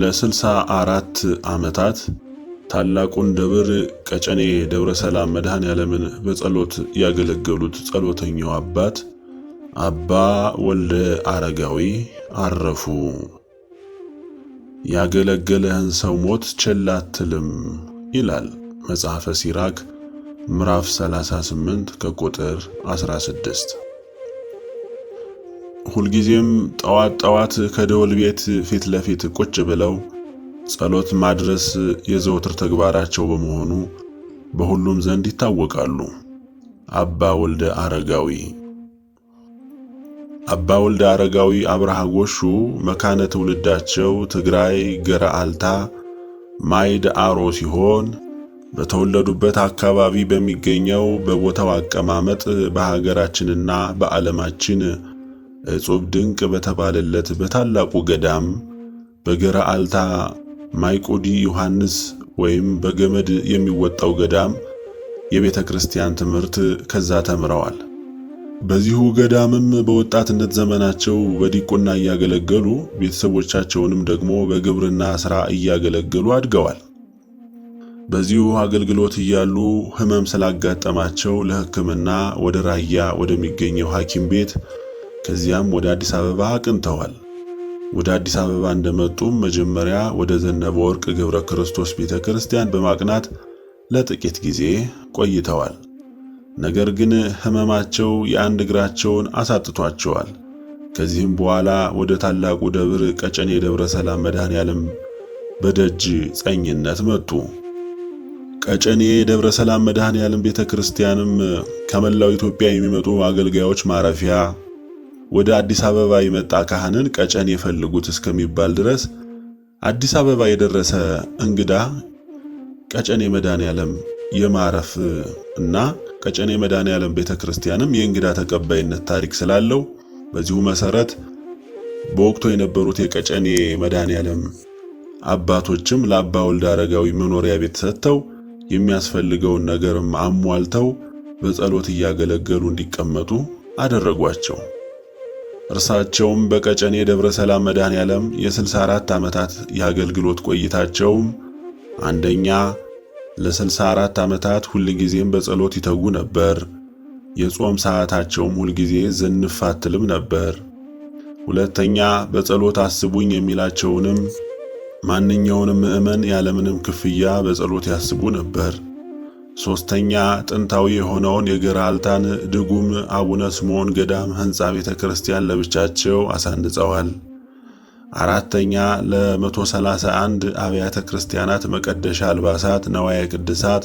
ለስልሳ አራት ዓመታት ታላቁን ደብር ቀጨኔ ደብረ ሰላም መድኃኔ በጸሎት ያገለገሉት ጸሎተኛው አባት አባ ወልደ አረጋዊ አረፉ። ያገለገለህን ሰው ሞት ቸል አትልም ይላል መጽሐፈ ሲራክ ምዕራፍ 38 ከቁጥር 16። ሁልጊዜም ጠዋት ጠዋት ከደወል ቤት ፊት ለፊት ቁጭ ብለው ጸሎት ማድረስ የዘውትር ተግባራቸው በመሆኑ በሁሉም ዘንድ ይታወቃሉ። አባ ወልደ አረጋዊ አባ ወልደ አረጋዊ አብርሃ ጎሹ መካነ ትውልዳቸው ትግራይ ገረአልታ ማይድ አሮ ሲሆን በተወለዱበት አካባቢ በሚገኘው በቦታው አቀማመጥ በሀገራችንና በዓለማችን እጹብ ድንቅ በተባለለት በታላቁ ገዳም በገራ አልታ ማይቆዲ ዮሐንስ ወይም በገመድ የሚወጣው ገዳም የቤተ ክርስቲያን ትምህርት ከዛ ተምረዋል። በዚሁ ገዳምም በወጣትነት ዘመናቸው በዲቁና እያገለገሉ ቤተሰቦቻቸውንም ደግሞ በግብርና ሥራ እያገለገሉ አድገዋል። በዚሁ አገልግሎት እያሉ ሕመም ስላጋጠማቸው ለሕክምና ወደ ራያ ወደሚገኘው ሐኪም ቤት ከዚያም ወደ አዲስ አበባ አቅንተዋል። ወደ አዲስ አበባ እንደመጡም መጀመሪያ ወደ ዘነበ ወርቅ ገብረ ክርስቶስ ቤተ ክርስቲያን በማቅናት ለጥቂት ጊዜ ቆይተዋል። ነገር ግን ሕመማቸው የአንድ እግራቸውን አሳጥቷቸዋል። ከዚህም በኋላ ወደ ታላቁ ደብር ቀጨኔ የደብረ ሰላም መድኃኔ በደጅ ጸኝነት መጡ። ቀጨኔ ደብረ ሰላም መድኃኔ ያለም ቤተ ክርስቲያንም ከመላው ኢትዮጵያ የሚመጡ አገልጋዮች ማረፊያ ወደ አዲስ አበባ የመጣ ካህንን ቀጨኔ የፈልጉት እስከሚባል ድረስ አዲስ አበባ የደረሰ እንግዳ ቀጨኔ መድኃኔዓለም የማረፍ እና ቀጨኔ መድኃኔዓለም ቤተክርስቲያንም የእንግዳ ተቀባይነት ታሪክ ስላለው በዚሁ መሰረት በወቅቱ የነበሩት የቀጨኔ መድኃኔዓለም አባቶችም ለአባ ወልድ አረጋዊ መኖሪያ ቤት ሰጥተው የሚያስፈልገውን ነገርም አሟልተው በጸሎት እያገለገሉ እንዲቀመጡ አደረጓቸው። እርሳቸውም በቀጨኔ ደብረ ሰላም መድኃኔ ዓለም የ64 ዓመታት የአገልግሎት ቆይታቸው አንደኛ ለ64 ዓመታት ሁልጊዜም በጸሎት ይተጉ ነበር። የጾም ሰዓታቸውም ሁልጊዜ ዝንፍ አትልም ነበር። ሁለተኛ በጸሎት አስቡኝ የሚላቸውንም ማንኛውንም ምዕመን ያለምንም ክፍያ በጸሎት ያስቡ ነበር። ሶስተኛ ጥንታዊ የሆነውን የገራልታን ድጉም አቡነ ስምዖን ገዳም ህንፃ ቤተ ክርስቲያን ለብቻቸው አሳንጸዋል። አራተኛ ለ131 አብያተ ክርስቲያናት መቀደሻ አልባሳት ነዋየ ቅድሳት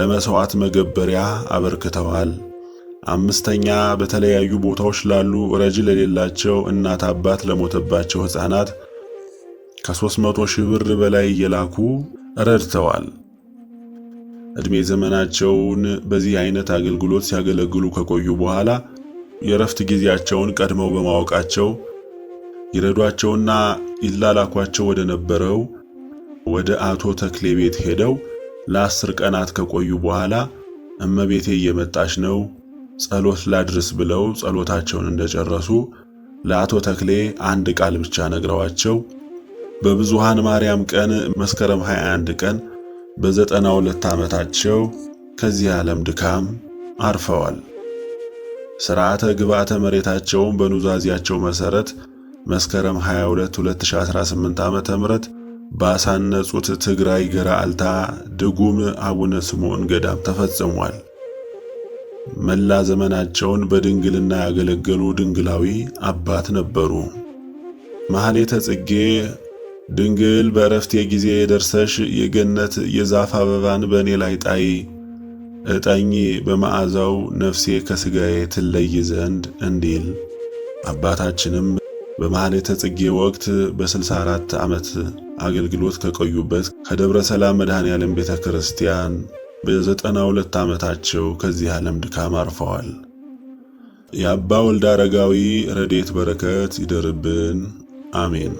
ለመስዋዕት መገበሪያ አበርክተዋል። አምስተኛ በተለያዩ ቦታዎች ላሉ ረጅ ለሌላቸው እናት አባት ለሞተባቸው ሕፃናት ከ300 ሺህ ብር በላይ እየላኩ ረድተዋል። ዕድሜ ዘመናቸውን በዚህ አይነት አገልግሎት ሲያገለግሉ ከቆዩ በኋላ የእረፍት ጊዜያቸውን ቀድመው በማወቃቸው ይረዷቸውና ይላላኳቸው ወደ ነበረው ወደ አቶ ተክሌ ቤት ሄደው ለአስር ቀናት ከቆዩ በኋላ እመቤቴ እየመጣች ነው ጸሎት ላድርስ ብለው ጸሎታቸውን እንደጨረሱ ለአቶ ተክሌ አንድ ቃል ብቻ ነግረዋቸው በብዙሃን ማርያም ቀን መስከረም 21 ቀን በዘጠና ሁለት ዓመታቸው ከዚህ ዓለም ድካም አርፈዋል። ሥርዓተ ግብዓተ መሬታቸውን በኑዛዚያቸው መሠረት መስከረም 22 2018 ዓመተ ባሳነጹት ትግራይ ገራልታ ድጉም አቡነ ስምዖን ገዳም ተፈጽሟል። መላ ዘመናቸውን በድንግልና ያገለገሉ ድንግላዊ አባት ነበሩ። ማህሌተ ጽጌ ድንግል በእረፍቴ ጊዜ ደርሰሽ የገነት የዛፍ አበባን በእኔ ላይ ጣይ እጠኝ በመዓዛው ነፍሴ ከሥጋዬ ትለይ ዘንድ እንዲል አባታችንም በማኅሌተ ጽጌ ወቅት በ64 ዓመት አገልግሎት ከቆዩበት ከደብረ ሰላም መድኃኔ ዓለም ቤተ ክርስቲያን በዘጠና ሁለት ዓመታቸው ከዚህ ዓለም ድካም አርፈዋል። የአባ ወልደ አረጋዊ ረድኤት በረከት ይደርብን፣ አሜን።